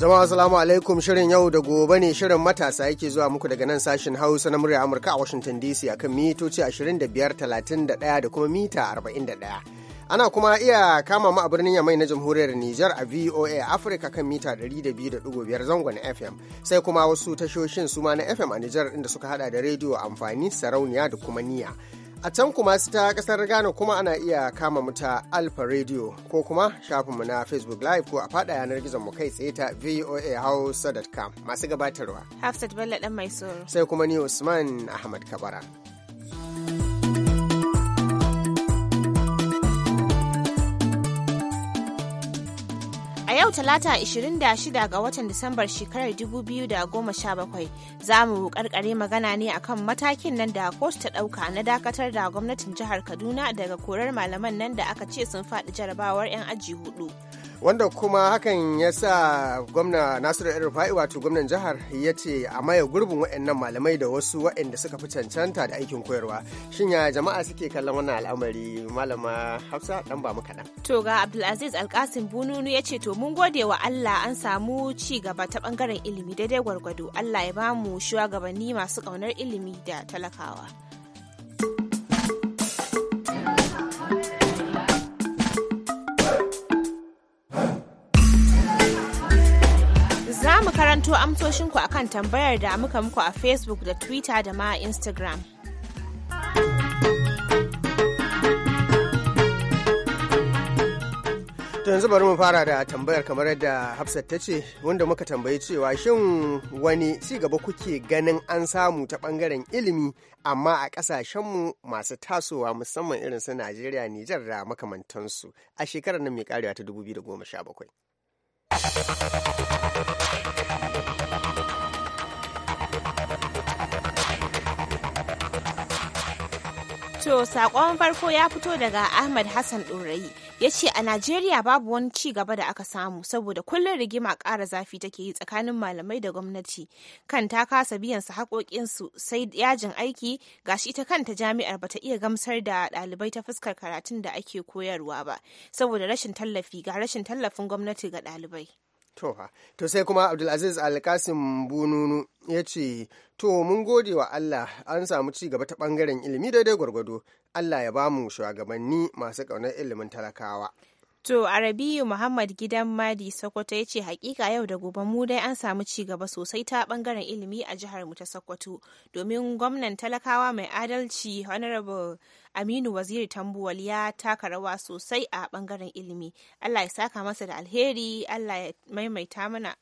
zama salamu alaikum shirin yau da gobe ne shirin matasa yake zuwa muku daga nan sashin Hausa na murya Amurka a Washington DC a kan mitoci 25, 31 da kuma mita 41. Ana kuma iya kama mu a birnin Yamai na Jamhuriyar Nijar a VOA Africa kan mita 200.5 zangon FM sai kuma wasu tashoshin suma na FM a Nijar inda suka hada da rediyo amfani sarauniya da kuma niya. A can kuma su ta kasar Ghana kuma ana iya kama muta Alfa Radio ko kuma shafinmu na Facebook Live ko a fada yanar gizon mu kai tsaye ta voahausa.com masu gabatarwa. Hafsat Bello dan mai Sai kuma ni Usman Ahmad Kabara. yau talata 26 ga watan Disambar shekarar 2017 za mu karkare magana ne akan matakin nan da kotu ta ɗauka na dakatar da gwamnatin jihar Kaduna daga korar malaman nan da aka ce sun faɗi jarabawar 'yan aji hudu. wanda kuma hakan ya sa gwamna nasiru yan rufa'i wato gwamnan jihar ya ce a maye gurbin waɗannan malamai da wasu waɗanda suka fi cancanta da aikin koyarwa shin ya jama'a suke kallon wannan al'amari malama hafsa dan ba mu kaɗan. to ga abdulaziz alkasim bununu ya ce to mun gode wa allah an samu ci gaba ta bangaren ilimi daidai gwargwado allah ya bamu shugabanni masu ƙaunar ilimi da talakawa. karanto amsoshinku akan tambayar da muka muku a Facebook da Twitter da ma Instagram. yanzu bari mu fara da tambayar kamar yadda hafsat ta ce wanda muka tambayi cewa shin wani ci gaba kuke ganin an samu ta bangaren ilimi amma a kasashenmu masu tasowa musamman irin su najeriya nijar da makamantansu a shekarar nan mai karewa ta 2017 To sakon farko ya fito daga Ahmad Hassan Dorayi, ya ce a Najeriya babu wani ci gaba da aka samu saboda kullum rigima ƙara zafi take yi tsakanin malamai da gwamnati kan ta kasa biyan su su, sai yajin aiki gashi ita kanta jami'ar bata iya gamsar da ɗalibai ta fuskar karatun da ake koyarwa ba saboda rashin tallafi ga rashin tallafin gwamnati ga ɗalibai. To sai kuma Abdulaziz Alkasim Bununu ya ce, To mun gode wa Allah an samu ci gaba ta ɓangaren ilimi daidai gwargwado, Allah ya ba bamu shugabanni masu ƙaunar ilimin talakawa. To, Arabiyu Muhammad Gidan Madi Sokoto ya ce hakika yau da gobe mu dai an samu ci gaba sosai ta bangaren ilimi a jihar mu ta Sokoto domin gwamnan talakawa mai adalci Honorable Aminu Waziri Tambuwal ya taka rawa sosai a bangaren ilimi. Allah ya saka masa da alheri, Allah ya maimaita mana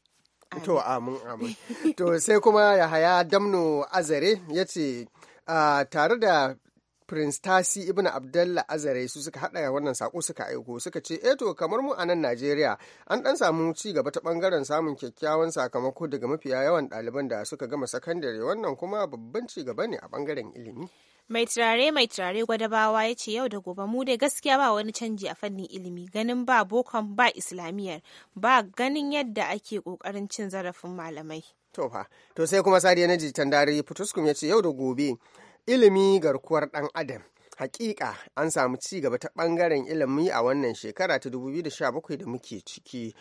To, amin, amin. to, sai kuma Yahaya Damno Azare ya ce, Uh, tare da Prince Tasi Ibn Abdallah Azare su suka haɗa wannan saƙo suka aiko suka ce eh to kamar mu a nan Najeriya an ɗan samu ci gaba ta ɓangaren samun kyakkyawan sakamako daga mafiya yawan ɗaliban da suka gama sakandare wannan kuma babban ci gaba ne a ɓangaren ilimi. mai turare mai turare gwadabawa ya ce yau da gobe mu dai gaskiya ba wani canji a fannin ilimi ganin ba bokon ba islamiyar ba ganin yadda ake kokarin cin zarafin malamai to fa to sai kuma sadiya na jitan dare fituskum ya ce yau da gobe ilimi garkuwar ɗan adam hakika an samu ci gaba ta bangaren ilimi a wannan shekara ta 2017 da muke ciki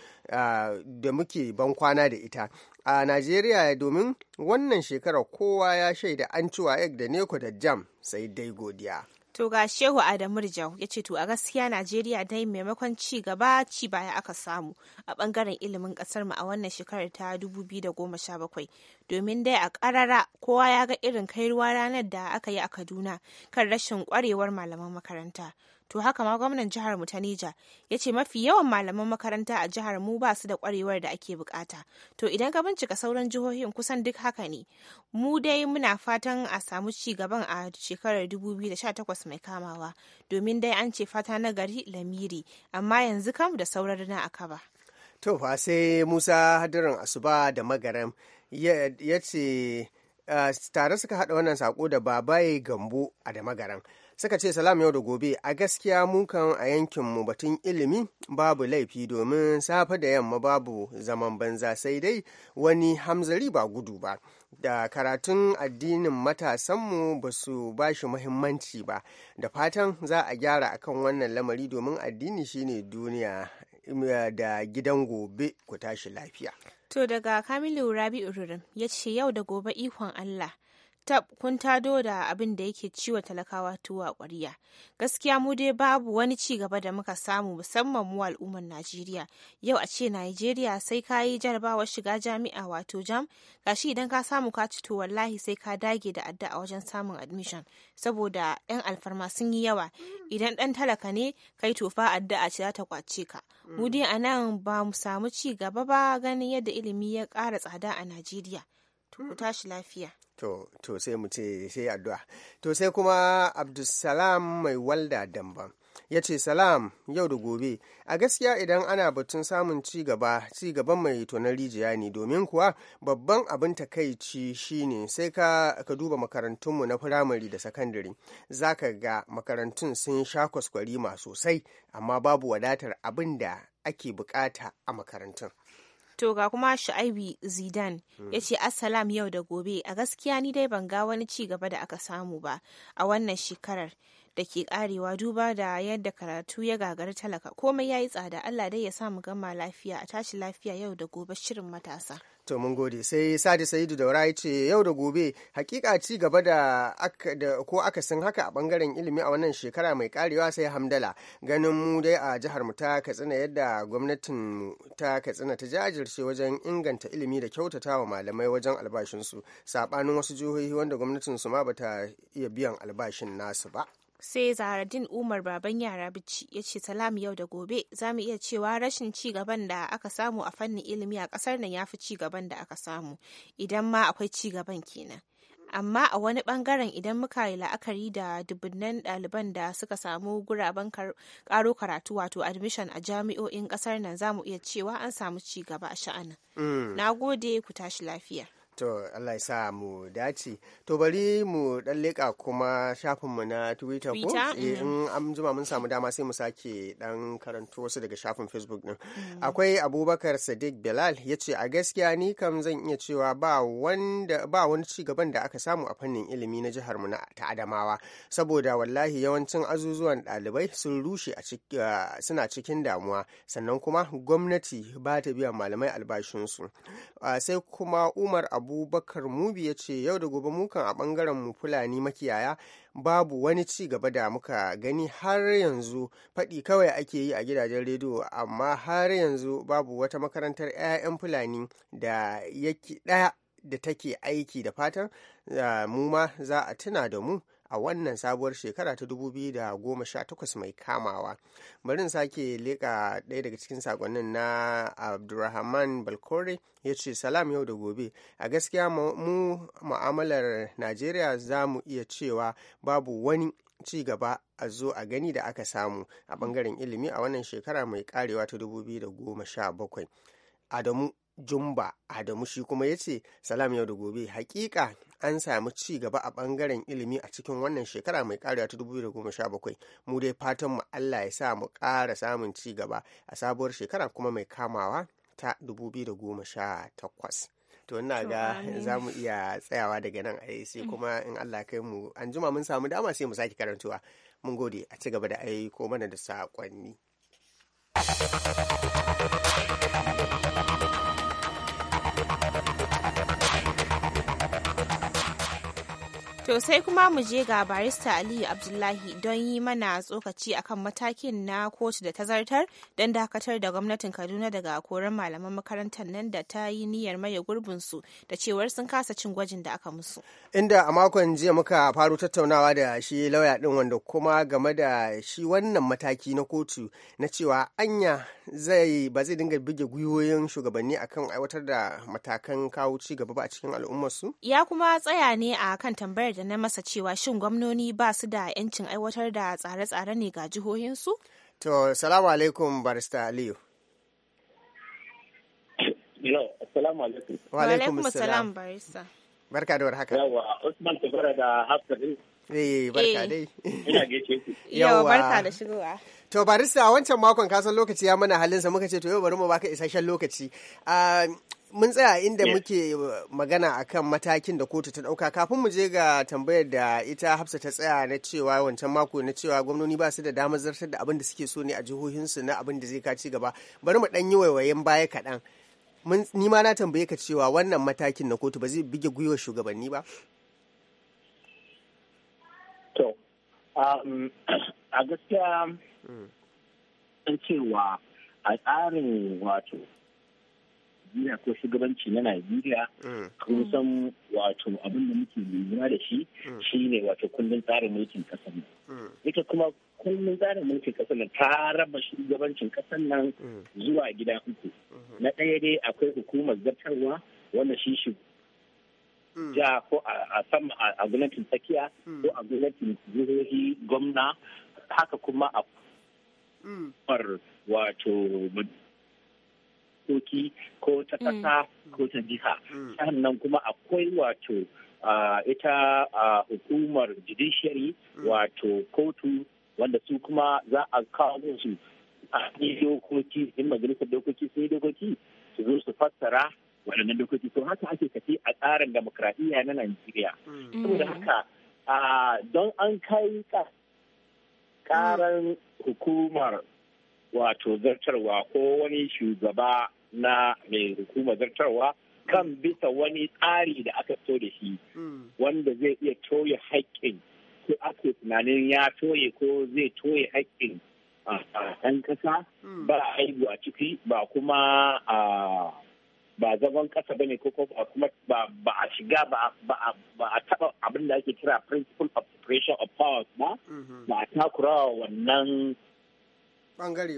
da muke ban kwana da ita a najeriya domin wannan shekara kowa ya shaida an ciwa egg da neko da jam sai dai godiya To ga Shehu Adamu Rijau ya ce to a gaskiya Najeriya dai maimakon ci gaba ci baya aka samu a bangaren ilimin kasar mu a wannan shekarar ta 2017 domin dai a karara kowa ya ga irin kai ruwa ranar da aka yi a Kaduna kan rashin kwarewar malaman makaranta. to haka ma gwamnan jihar mu ta Nija ya ce mafi yawan malaman makaranta a jihar mu ba su da kwarewar da ake bukata to idan ka bincika sauran jihohin kusan duk haka ne mu dai muna fatan a samu ci gaban a shekarar 2018 mai kamawa domin dai an ce fata na gari lamiri amma yanzu kam da sauran na akaba to fa sai Musa Hadirin Asuba da Magaram ya ce eh, tare suka haɗa wannan sako da babaye gambo a da magaran suka ce salam yau da gobe a gaskiya mukan a yankinmu batun ilimi babu laifi domin safe da yamma babu zaman banza sai dai wani hamzari ba gudu ba da karatun addinin matasanmu ba su ba shi muhimmanci ba da fatan za a gyara akan wannan lamari domin addini shine duniya da gidan gobe ku tashi lafiya to daga kamilu rabi'u ya ce yau da gobe ikon allah tab kun tado da abin da yake ciwon talakawa tuwa kwariya gaskiya mu dai babu wani ci gaba da muka samu musamman mu al'ummar najeriya yau a ce najeriya sai ka yi jarabawar shiga jami'a wato jam gashi idan ka samu ka ci to wallahi sai ka dage da addu'a wajen samun admission saboda yan alfarma sun yi yawa idan dan talaka ne kai tofa addu'a ce ci ta kwace ka mu dai a nan ba mu samu ci gaba ba ganin yadda ilimi ya ƙara tsada a najeriya to tashi lafiya to sai mu ce sai addu'a to sai kuma abdulsalam mai walda damban ya ce salam yau da gobe a gaskiya idan ana batun samun ci gaba ci gaban mai tonar rijiya ne domin kuwa babban abin takaici shine sai ka, ka duba makarantunmu na firamare da sakandare za ka ga makarantun sun sha kwaskwarima sosai amma babu wadatar abin da ake bukata a makarantun To ga kuma sha'ibi Zidan hmm. ya ce Assalam yau da gobe a gaskiya ni dai ban ga wani ci gaba da aka samu ba a wannan shekarar da ke karewa duba da yadda karatu ya gagari talaka komai ya yi tsada allah dai ya samu gama lafiya a tashi lafiya yau da gobe shirin matasa to mun gode sai sadi sa'idu da ya ce yau da gobe hakika ci gaba da ko aka akasin haka a bangaren ilimi a wannan shekara mai karewa sai hamdala ganin mu dai a jihar mu ta katsina yadda gwamnatin ta katsina ta jajirce wajen inganta ilimi da kyautata wa malamai wajen albashinsu saɓanin wasu jihohi wanda gwamnatin su ma bata iya biyan albashin nasu ba sai zaharaddin umar baban yara bici ya ce salam yau da gobe za mu iya cewa rashin ci gaban da aka samu a fannin ilimi a kasar nan ya fi ci gaban da aka samu idan ma akwai ci gaban kenan amma a wani bangaren idan muka yi la'akari da dubunnan ɗaliban da suka samu guraben karo karatu wato admission a jami'o'in ƙasar nan za mu iya cewa an samu ci gaba a sha'anin mm. na gode ku tashi lafiya To Allah ya sa mu dace. To bari mu dan leka kuma mu na Twitter ko eh, mm-hmm. in an jima mun samu dama sai mu sake dan karanto wasu daga shafin Facebook din. Mm-hmm. Akwai Abubakar Sadiq Bilal ya ce a gaskiya ni kam zan iya cewa ba wanda ba wani ci gaban da aka samu a fannin ilimi na jihar mu ta Adamawa saboda wallahi yawancin azuzuwan ɗalibai sun rushe a suna cikin damuwa sannan kuma gwamnati ba ta biyan malamai albashinsu. sai kuma Umar Abu abubakar mubi ya ce yau da gobe mukan a bangaren mu fulani makiyaya babu wani ci gaba da muka gani har yanzu faɗi kawai ake yi a gidajen rediyo amma har yanzu babu wata makarantar 'ya'yan fulani da yake ɗaya da take aiki da fatan ah, mu ma za a tuna da mu a wannan sabuwar shekara ta 2018 mai kamawa barin sake leƙa ɗaya daga cikin saƙonnin na abdulrahman balkore ya ce salam yau da gobe a gaskiya mu mu'amalar najeriya za mu iya cewa babu wani ci gaba a zo a gani da aka samu a bangaren ilimi a wannan shekara mai karewa ta 2017 adamu jumba adamu shi kuma ya ce salam yau da gobe hakika an samu ci gaba a bangaren ilimi a cikin wannan shekara mai karewa ta 2017 mu dai fatan mu allah ya sa mu kara samun ci gaba a sabuwar shekara kuma mai kamawa ta 2018 to ina ga za mu iya tsayawa daga nan a sai mm. kuma in allah kai mu an jima mun samu dama sai mu sake karantuwa mun gode a ci gaba da aiko mana da saƙonni. To sai kuma mu je ga barista Aliyu Abdullahi don yi mana tsokaci akan matakin na kotu da ta zartar don dakatar da gwamnatin Kaduna daga koren malaman makarantar nan da ta yi niyyar maye gurbinsu da cewar sun kasa cin gwajin da aka musu. Inda a makon jiya muka faru tattaunawa da shi lauya din wanda kuma game da shi wannan mataki na kotu na cewa anya zai ba zai dinga buge gwiwoyin shugabanni akan aiwatar da matakan kawo ci gaba ba a cikin al'ummarsu. Ya kuma tsaya ne a kan tambayar da na masa cewa shin gwamnoni ba su da 'yancin aiwatar da tsare-tsare ne ga jihohinsu? To, salamu alaikum barista Aliyu. Wa alaikum salam. barista. Barka da warhaka. Yawa, Usman Tabara da Hafsa Eh, barka eh. dai. Ina Yawa, barka da shigowa. To barista wancan makon kasan lokaci ya mana halinsa muka ce to yau bari mu baka isasshen lokaci. Ah, mun tsaya inda muke uh, magana akan matakin da kotu ta dauka kafin mu je ga tambayar da ita hafsa ta tsaya na cewa wancan mako na cewa gwamnoni ba su da damar zartar da abin da suke so ne a jihohinsu na abin da zai ka ci gaba bari mu dan yi waiwayen baya kaɗan ni ma na tambaye ka cewa wannan matakin na kotu ba zai bige gwiwa shugabanni ba to um, a gaskiya hmm. cewa a tsarin wato Najeriya ko shugabanci na Najeriya mm. kun san wato abin da muke lura da shi mm. shine wato kundin tsarin mulkin kasar nan mm. ita kuma kundin tsarin mulkin kasar nan ta raba shugabancin kasar nan zuwa gida uku mm-hmm. na ɗaya dai akwai hukumar zartarwa wanda shi shi ja ko a sama a gwamnatin tsakiya ko a gwamnatin jihohi gwamna haka kuma a wato dokoki ko ta mm. ƙasa ko ta jiha mm. sannan kuma akwai wato ita hukumar judiciary mm. wato kotu wanda su kuma za a kawo musu a dokoki in majalisar dokoki sun yi dokoki su zo su fassara waɗannan dokoki to haka ake tafi a tsarin demokradiyya na Najeriya. Saboda haka don an kai ka karan hukumar wato zartarwa ko wani shugaba na mai hukumar zartarwa kan bisa wani tsari da aka so da shi mm. wanda zai iya toye haƙƙin ko ake tunanin ya toye ko zai toye haƙƙin ɗan ƙasa mm. ba aibu a ciki ba kuma ba zagon ƙasa bane ko kuma ba a shiga ba a taɓa abin da ake kira principle of separation of powers ba mm-hmm. ba a takurawa wannan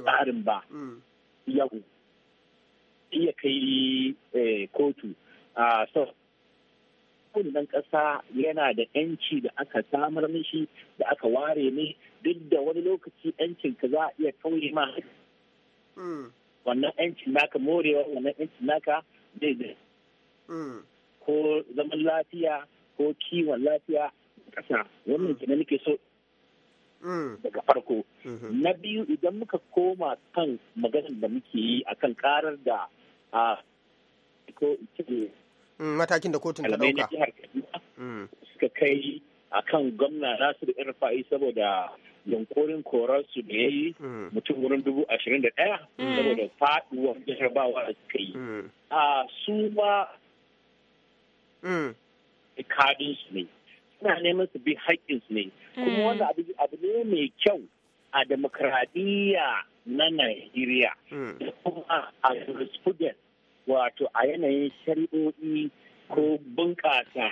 tsarin ba mm. yau iya kai eh, kotu a kowane ɗan ƙasa yana da 'yanci da aka samar mishi da aka ware ne duk da wani lokaci 'yancin ka za a iya kauye ma hmm. wannan 'yancin naka morewa wannan 'yancin naka zai zai hmm. ko zaman lafiya ko kiwon lafiya ƙasa wannan hmm. kenan nake so daga farko na biyu idan muka koma kan maganar da muke yi akan karar da a mm, matakin da kotun ta dauka mm. suka kai a kan gwamna Nasiru fa'i saboda yankorin korarsu da ya yi mm. mutum wurin dubu ashirin da ɗaya saboda faɗuwar jarabawa da suka yi. A su ma su ne, suna neman su bi su ne, kuma wanda abu ne mai kyau a demokradiyya na Najeriya. Hmm. Kuma a jurisprudence wato a yanayin shari'o'i ko bunƙasa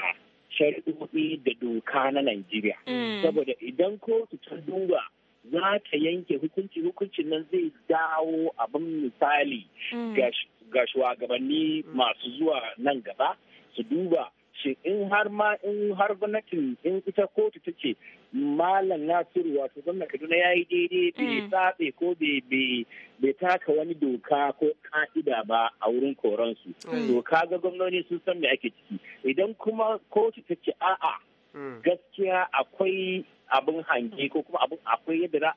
shari'o'i da doka na Najeriya. Hmm. Saboda idan kotu ta duba za ta yanke hukunci hukuncin nan zai dawo abin misali hmm. ga shugabanni masu zuwa nan gaba su duba ce in har ma in har gwamnatin in ita kotu ta ce malam nasiru wato gwamnan kaduna ya yi daidai mm. bai tsabe ko bai taka wani doka ko ka'ida ba a wurin koransu mm. doka ga gwamnoni sun san me ake ciki idan kuma kotu ta ce a'a mm. gaskiya akwai abin hange ko kuma abin akwai yadda za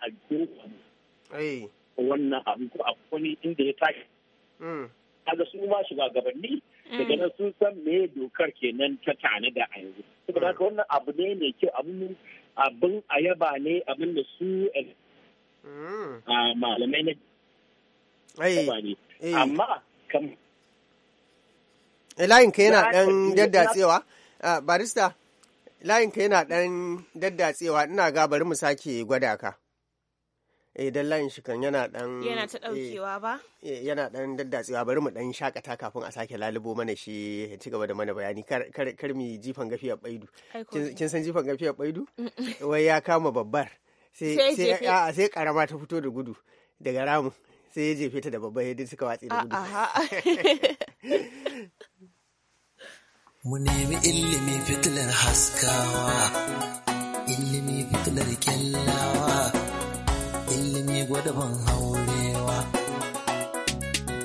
a eh. wannan abin ko akwai inda ya tashi kaga su ma shugabanni mm. daga nan sun san me dokar kenan ta tanada a yanzu saboda haka wannan abu ne mai kyau abin abin a yaba ne abin da su mm. malamai na eh. amma kam eh, layin ka yana dan daddatsewa ah, barista layin ka yana dan daddatsewa ina ga bari mu sake gwada ka eh dan layin shi kan yana dan yana ta daukewa eh, ba eh, yana dan daddatsewa bari mu dan shakata kafin a sake lalubo mana shi ya ci gaba da mana bayani kar mi jifan gafiyar baidu kin san jifan gafiyar baidu wai ya kama babbar sai sai sai karama ta fito da gudu daga ramu sai ya jefe ta da babbar yadda suka watsi da gudu mu nemi ilimi fitilar haskawa ilimi fitilar kyallawa yi gwada haurewa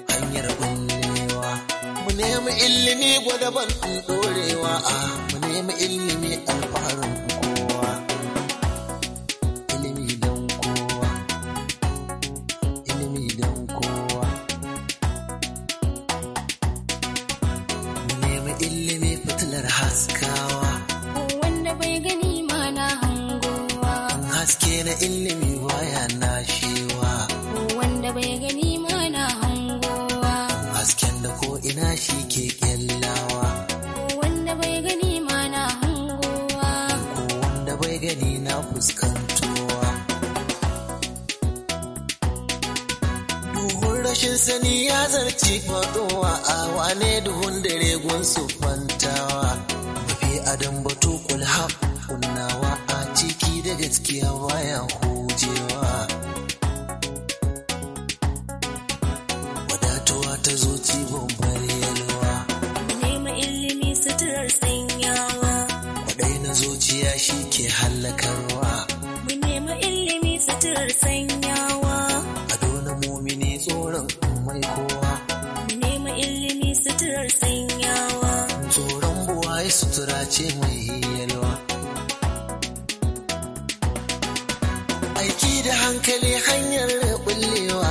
hanyar bullewa mu nemi ilimi gwada ban a ah, mu nemi ilimi alfaharin zuciya shi ke hallakarwa mu nemi ilimi suturar sanyawa a dole mumini tsoron mai kowa mu nemi ilimi suturar sanyawa tsoron ya sutura ce mai yalwa aiki da hankali hanyar rabulewa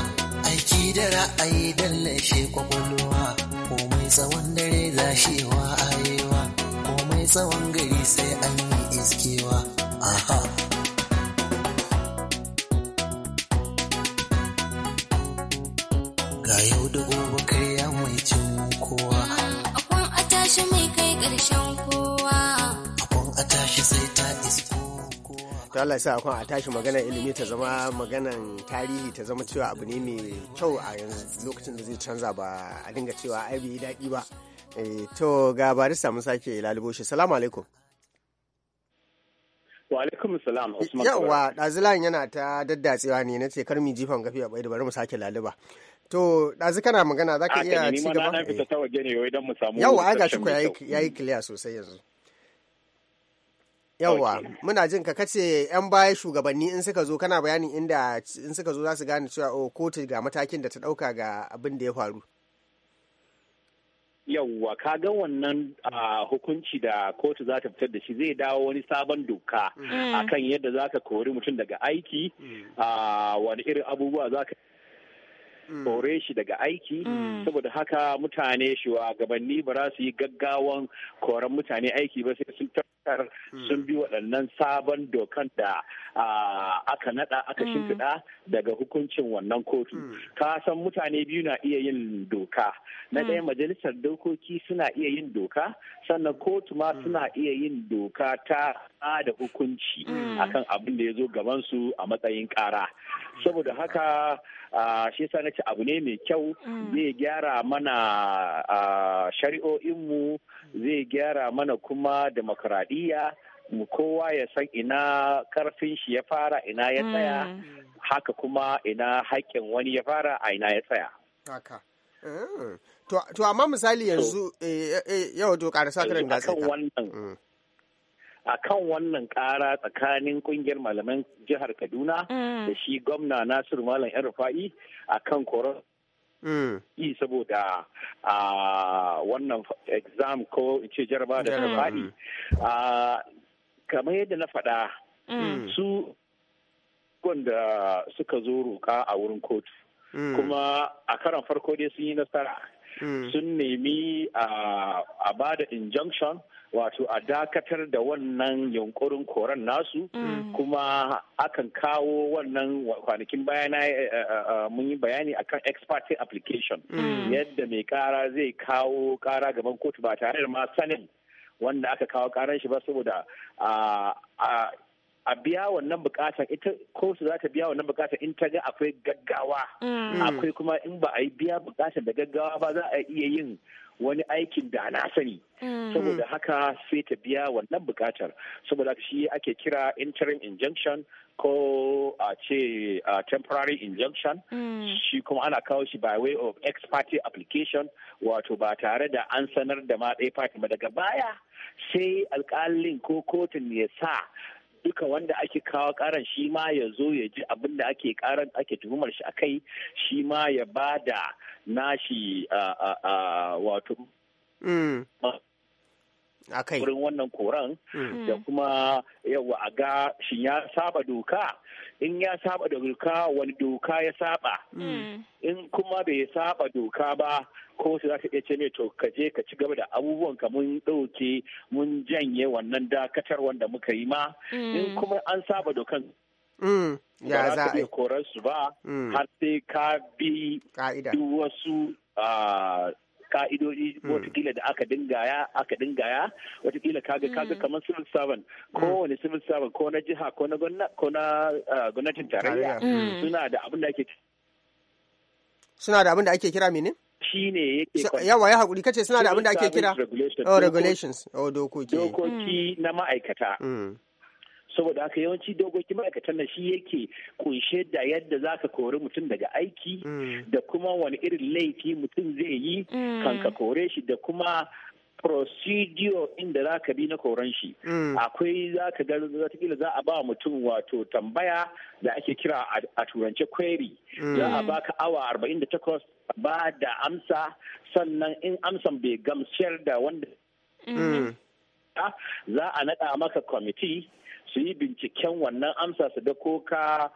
aiki da ra'ayi dallashe kwakwalwa komai tsawon dare zashewa arewa komai tsawon gari sai an yi kewa aha ga yau da gobe ya mai cin kowa akwai a tashi mai kai ƙarshen kowa akwai a tashi sai ta isko to Allah sa akwai a tashi maganar ilimi ta zama maganan tarihi ta zama cewa abu ne mai kyau a yanzu lokacin da zai canza ba a dinga cewa ai bai daɗi ba eh, to ga barista mun sake lalubo shi salamu alaikum Wa alaikum salam Usman. yana ta daddatsewa ne na ce kar mu jifan gafi a bai da bari mu sake laliba To ɗazu kana magana za ka iya ci gaba. Aka fita ta waje ne yau idan mu samu. Yawwa ai gashi ko yayi clear sosai yanzu. Yawwa muna jin ka kace yan baya shugabanni in suka zo kana bayanin inda in suka zo za su gane cewa o oh, kotu ga matakin da ta ɗauka ga abin da ya faru. yawwa ga wannan hukunci da kotu za ta fitar da shi zai dawo wani sabon doka mm. akan yadda za ka kori mutum daga aiki mm. wani irin abubuwa za ka Mm. kore shi daga aiki mm. saboda haka mutane shugabanni ba za su yi gaggawan koran mutane aiki ba sai sun tabbatar mm. sun bi waɗannan sabon dokan da ah, aka naɗa aka shimfiɗa daga hukuncin wannan kotu ka san mutane biyu na iya yin doka na ɗaya majalisar dokoki suna iya yin doka sannan kotu ma suna iya yin doka ta da hukunci akan abin da ya zo gabansu a matsayin ƙara saboda haka shi yasa ce abu ne mai kyau mm. zai gyara mana shari'o'inmu zai gyara mana kuma demokradiyya kowa ya san ina karfin shi ya fara ina ya tsaya mm. haka kuma ina haƙƙin wani ya fara a ina ya tsaya eh. to amma misali yanzu eh, eh, yau to ƙarasa da kan a kan wannan ƙara tsakanin ƙungiyar malaman jihar Kaduna mm. da shi gwamna Nasiru Malam ‘yan rufa'i a kan koron mm. yi saboda wannan exam ko ce jaraba da rufa'i Kamar yadda na faɗa mm. su wanda suka zo roƙa a wurin kotu. Kuma a karan farko dai sun yi nasara. Sun nemi a bada injunction wato a dakatar da wannan yunkurin koran nasu mm. kuma akan kawo wannan kwanakin bayana eh, eh, eh, mun yi bayani akan expertise application mm. yadda mai kara zai kawo kara gaban kotu ba tare da ma sanin wanda aka kawo karan shi ba saboda a biya wannan bukatar ita kotu za ta biya wannan bukatar in ta ga akwai gaggawa mm. akwai kuma in ba a yi biya bukatar da gaggawa ba za a iya yin wani aikin da na sani mm. saboda haka sai ta biya wannan bukatar saboda shi ake kira interim injunction ko a ce temporary injunction mm. shi kuma ana kawo shi by way of ex party application wato ba tare da an sanar da ma ɗaya party ba daga baya sai alkalin ko kotun ya sa duka wanda ake kawo karan shi ma ya zo ya ji abin da ake karan ake tuhumar shi akai shi ma ya bada nashi wato mm. wurin wannan koran mm. da kuma yawa a ga shi ya saba doka in ya saba doka wani doka ya saba mm. in kuma bai saba doka ba ko su za ta iya ce to ka je ka ci gaba da abubuwan ka mun ɗauke mun janye wannan dakatar wanda muka yi ma mm. in kuma an saba dokan ya za a yi koransu ba har sai ka bi duk wasu ah, ka'idoji hmm. watakila da aka dingaya aka dingaya watakila kaga hmm. kaga kamar civil servant hmm. wani civil servant ko na jiha ko na uh, gwamnatin tarayya suna da abin da ake suna da abin da ake kira mene? shi ne yake yawa ya haƙuri kace suna da abin da ake kira oh regulations oh dokoki dokoki na ma'aikata saboda haka yawanci dogokin ma'aikatan na shi yake kunshe da yadda za ka kori mutum daga aiki mm. da kuma wani irin laifi mutum zai yi mm. kan ka kore shi da kuma procedure inda za ka bi na koran shi mm. akwai za ka ga watakila za a ba mutum wato tambaya da ake kira a turance query za a baka awa 48 ba da amsa sannan in amsan bai gamsar da wanda za a naɗa maka kwamiti su yi binciken wannan amsa su da ko ka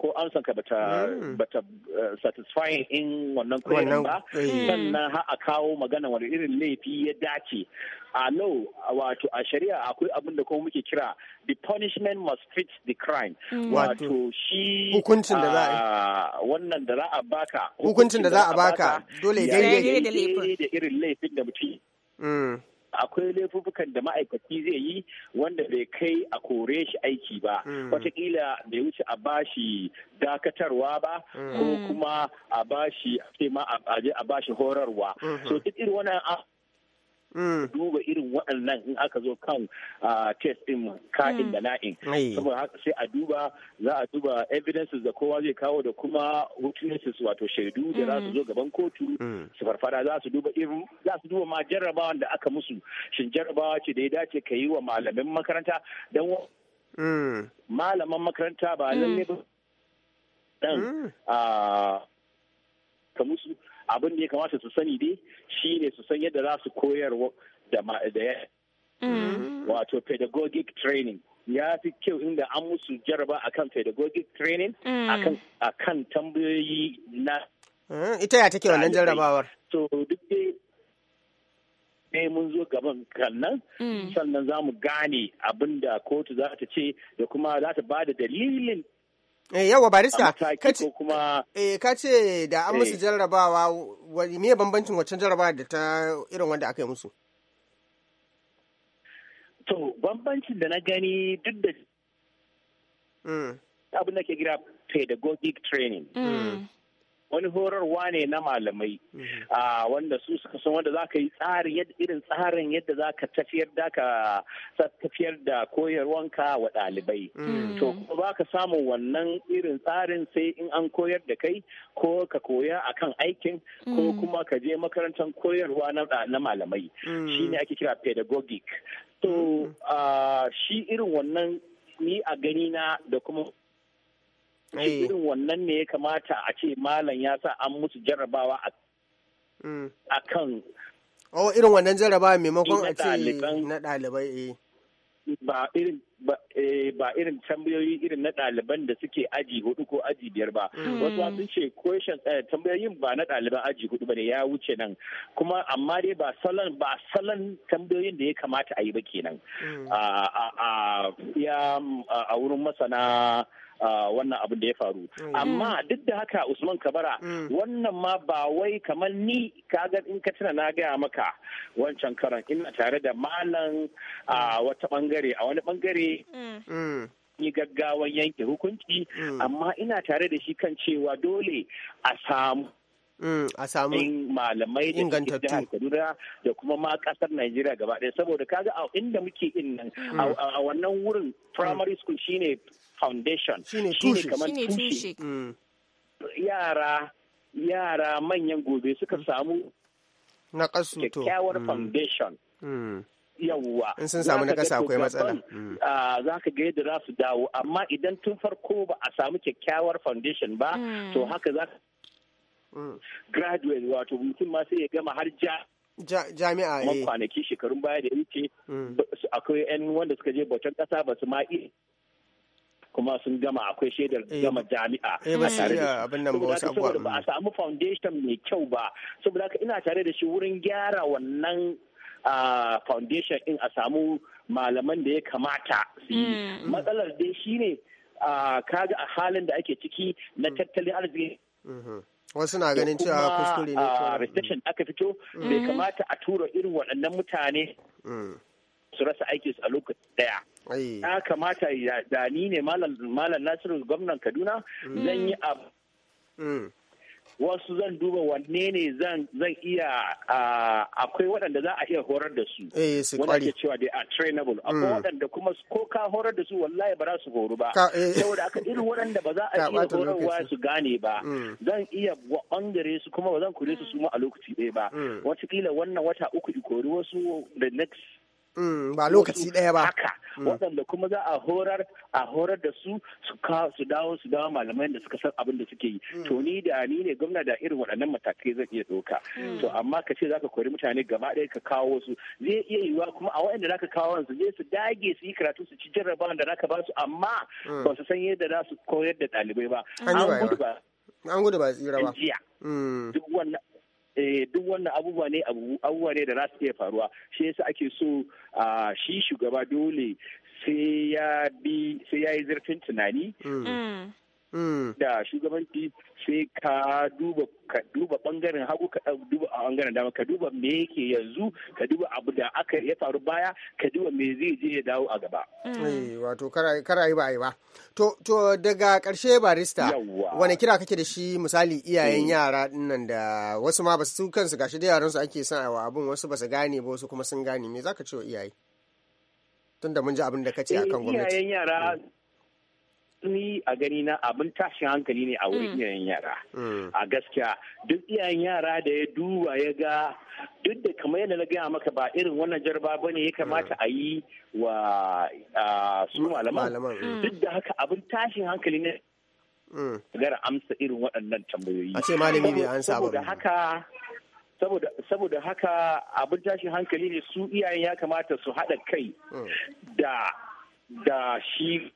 ko amsan ka bata mm. bata eh, satisfying in wannan kwanan ba eh. sannan ha a kawo magana wani irin laifi ya dace a no wato a shari'a akwai abin da kuma muke kira the punishment must fit the crime mm. wato shi hukuncin da za a wannan da za a baka hukuncin da za a baka dole daidai da irin laifin da mutum akwai laifukan da ma'aikaci zai yi wanda bai kai a kore shi aiki ba mm. watakila bai wuce a bashi dakatarwa ba ko mm. kuma a bashi a bashi horarwa mm-hmm. so duk irin wannan Mm. duba irin waɗannan in aka zo kan test ɗin ka'in da mm. na'in sai a duba za a duba evidences da kowa zai kawo da kuma witnesses wato shaidu da za su mm. zo gaban kotu su farfada za su duba irin za su duba ma jarrabawan da aka musu shin jarrabawa ce da ya dace ka yi wa malamin makaranta don malaman makaranta ba lalle ba dan ka musu abin da ya kamata su sani dai shine su san yadda za su koyar da mm-hmm. wato pedagogic training ya fi kyau inda an musu jaraba akan pedagogic training mm. akan tambayoyi na mm, ita ya take wannan jarabawar to duk dai mun zo gaban kannan mm. sannan za mu gane abin da kotu za ta ce da kuma za ta ba da dalilin Eh, yawa barista kace kuma eh kace da an musu eh. jarrabawa me bambancin waccan jarrabawa da ta irin wanda aka yi musu to bambancin da na gani duk da mm. abin da ke gira pedagogic training mm. wani horarwa ne na malamai mm-hmm. wanda su suka san wanda za ka yi tsari irin tsarin yadda za ka tafiyar da ka tafiyar da koyarwanka wa ɗalibai mm-hmm. to kuma ba ka samu wannan irin tsarin sai in an koyar da kai ko ka koya akan aikin ko mm-hmm. kuma ka je makarantar koyarwa na malamai Shi ne ake kira pedagogic to shi irin wannan ni a gani na da kuma Eh. irin wannan ne ya kamata a ce malam ya sa an musu jarrabawa a mm. kan oh irin wannan jarrabawa maimakon a ce na ɗalibai eh ba irin eh, ba irin tambayoyi irin na ɗaliban da suke aji hudu ko aji biyar ba mm. wasu sun ce question eh, tambayoyin ba na ɗaliban aji hudu ba ne ya wuce nan kuma amma dai ba salon ba salon tambayoyin da ya kamata a yi ba kenan mm. a ya a wurin masana wannan abin da ya faru mm. amma duk da haka usman kabara mm. wannan ma ba wai kamar ni kaga in ka tuna na gaya maka wancan karan ina tare da malam a mm. wata bangare a wani bangare yi gaggawan yanke hukunci amma ina tare da shi kan cewa dole a samu Mm, a samu malamai da jihar Kaduna da kuma ma kasar Najeriya gaba ɗaya saboda kaga a inda muke in nan mm. a wannan wurin mm. primary school shine foundation shine kamar tushe yara yara manyan gobe suka samu na kasu to kyakkyawar foundation yawwa in sun samu na kasa akwai matsala za ka ga yadda za su dawo amma idan tun farko ba a samu kyakkyawar foundation ba to haka za ka graduate wato mutum ma sai ya gama har ja jami'a eh kwanaki shekarun baya da yake mm. akwai yan wanda suka je bautan kasa ba su ma kuma sun gama akwai shaidar eh. gama jami'a eh, a tare da abin nan ba wasu abubuwa ba a mm. samu foundation mai kyau ba saboda haka ina tare da shi wurin gyara wannan foundation in a samu malaman da ya kamata su yi mm. matsalar dai shine kaga a halin da ake ciki na tattalin arziki mm-hmm. wasu na ganin cewa kuskure ne a ah, restriction aka fito mm. bai kamata a tura irin waɗannan mutane mm. su rasa aiki a lokacin daya ya kamata da ni ne malam nasiru gwamnan kaduna mm. zan yi abu wasu zan duba wanne ne zan iya akwai waɗanda za a iya horar da su eh, wanda ke cewa dai a trainable akwai hmm. waɗanda kuma ko ka horar da su wallahi ba za su horu ba eh. saboda aka irin waɗanda ba za a iya horarwa su gane ba hmm. zan iya bangare su kuma ba zan kure su su ma a lokaci ɗaya ba hmm. watakila wannan wata uku ikori wasu the next Mm, ba lokaci ɗaya ba haka mm. waɗanda kuma za a horar a horar da su su dawo su dawo malamai da suka san abin da suke yi mm. to ni da ni ne gwamna da irin waɗannan matakai zai iya doka. to amma ka ce zaka kori mutane gaba ɗaya ka kawo su zai iya yiwuwa kuma a waɗanda zaka kawo su zai su dage su yi karatu su ci jarrabawan da zaka ba su amma ba su san yadda za su koyar da ɗalibai ba an gudu ba an gudu ba tsira ba duk wannan Eh, duk wannan abubuwa ne abubuwa ne da za su iya faruwa shi yasa ake so a shi shugaba dole sai ya bi sai ya yi zurfin tunani mm. Mm. Mm. da shugabanci sai ka duba ka duba bangaren hagu ka duba a bangaren dama ka duba me yake yanzu ka duba abu da aka ya faru baya ka duba me zai je ya dawo a gaba mm. eh, wato karayi yi ba yi ba to to daga karshe barista wani kira kake da shi misali iyayen mm. yara dinnan da wasu ma basu kansu gashi da yaran su ake son wa abun wasu basu gane ba wasu kuma sun gane me zaka ce wa iyaye tunda mun ji abin da kace akan gwamnati iyayen yara ni a gani na abin tashin hankali ne a wurin mm. iyayen yara mm. a gaskiya duk iyayen yara da ya duba ya ga duk da kamar yadda na gaya maka ba irin wannan jarba ba ne ya kamata mm. a yi wa su malaman duk da haka abin tashin hankali ne gara amsa irin waɗannan tambayoyi a ce malami bai ansa ba haka saboda haka abin tashin hankali ne su iyayen ya kamata su haɗa kai da da shi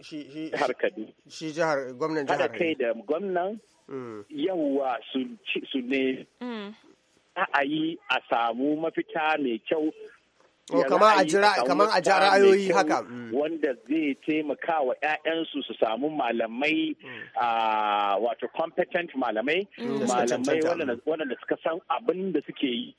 jihar Kaduna. Shi jihar gwamnan jihar. Haɗa kai da gwamnan mm. yawwa su ne mm. a yi a samu mafita mai kyau. O oh, kamar a jira kamar a jira ayoyi haka. Mm. Wanda zai taimaka wa 'ya'yansu su samu malamai wato competent malamai, malamai wadanda suka san abin da suke yi.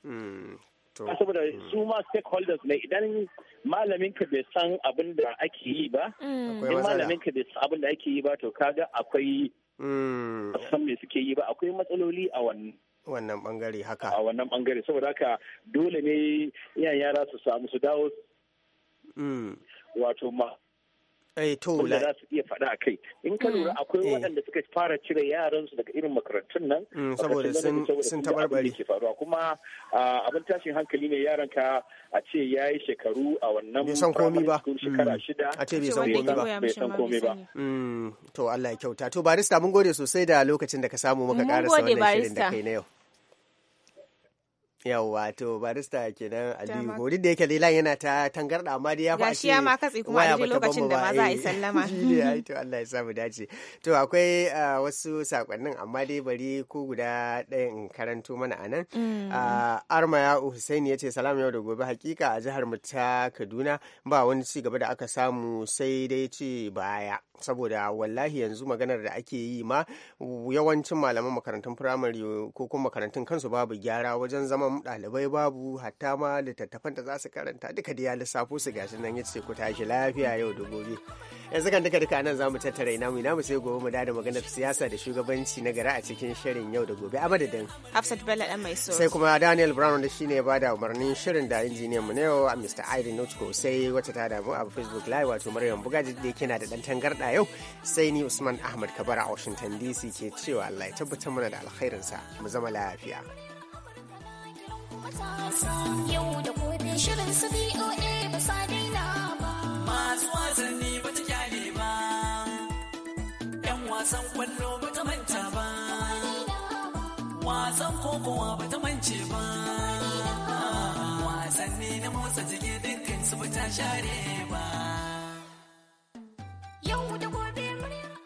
saboda mm. su ma stakeholders ne idan malamin ka bai san abin da ake yi ba mm. in malamin ka bai san abin da ake yi ba to kaga akwai mm. san me suke yi ba akwai matsaloli a wannan wannan bangare haka a wannan bangare saboda haka dole ne iyayen yara su samu su dawo wato ma Eh, wanda za su iya faɗa a kai in ka lura mm. akwai eh. waɗanda suka fara cire yaran su daga irin makarantun nan mm, saboda sun tabarbare ke faruwa kuma abin tashin hankali ne yaran ka a ce ya yi shekaru a wannan bai san komi ba mm. a ce bai san komi ba bai san komi ba to Allah ya kyauta to barista mun gode sosai da lokacin da ka samu muka karasa wannan shirin da kai na yau yawwa to barista kenan aliyu gori da yake lilan yana ta tangarda amma dai ya fa shi ya ma katse kuma a lokacin da ma za a yi eh, sallama ai to Allah ya sa mu dace to akwai ah, wasu sakonnin amma dai bari ko guda ɗaya in karanto mana anan mm. ah, arma ya Hussein ya ce salamu yau da gobe hakika a jihar mu ta Kaduna ba wani ci gaba da aka samu sai dai ce baya saboda wallahi yanzu maganar da ake yi ma yawancin malaman makarantun firamare ko kuma makarantun kansu babu gyara wajen zama musamman ɗalibai babu hatta ma littattafan da za su karanta duka da ya lissafo su gashi nan ya ce ku tashi lafiya yau da gobe yanzu kan duka duka nan za mu tattara ina mu ina mu sai gobe mu da maganar siyasa da shugabanci na gara a cikin shirin yau da gobe a madadin Hafsat Bello dan mai so sai kuma Daniel Brown da shine ya bada umarnin shirin da injiniyan mu ne yau Mr. Aidan Notko sai wata ta damu a Facebook Live wato Maryam Bugaji da na da dan tangarda yau sai ni Usman Ahmad Kabara a Washington DC ke cewa Allah ya tabbatar mana da alkhairinsa mu zama lafiya. Yau da gobe shirin su BOA ba sa daina ba. Masu wasanni bata ta ba, ‘yan wasan kwallo bata manta ba, wasan kokowa bata mance ba. Wasanni na motsa jiki dukkan su ba share ba. Yau da gobe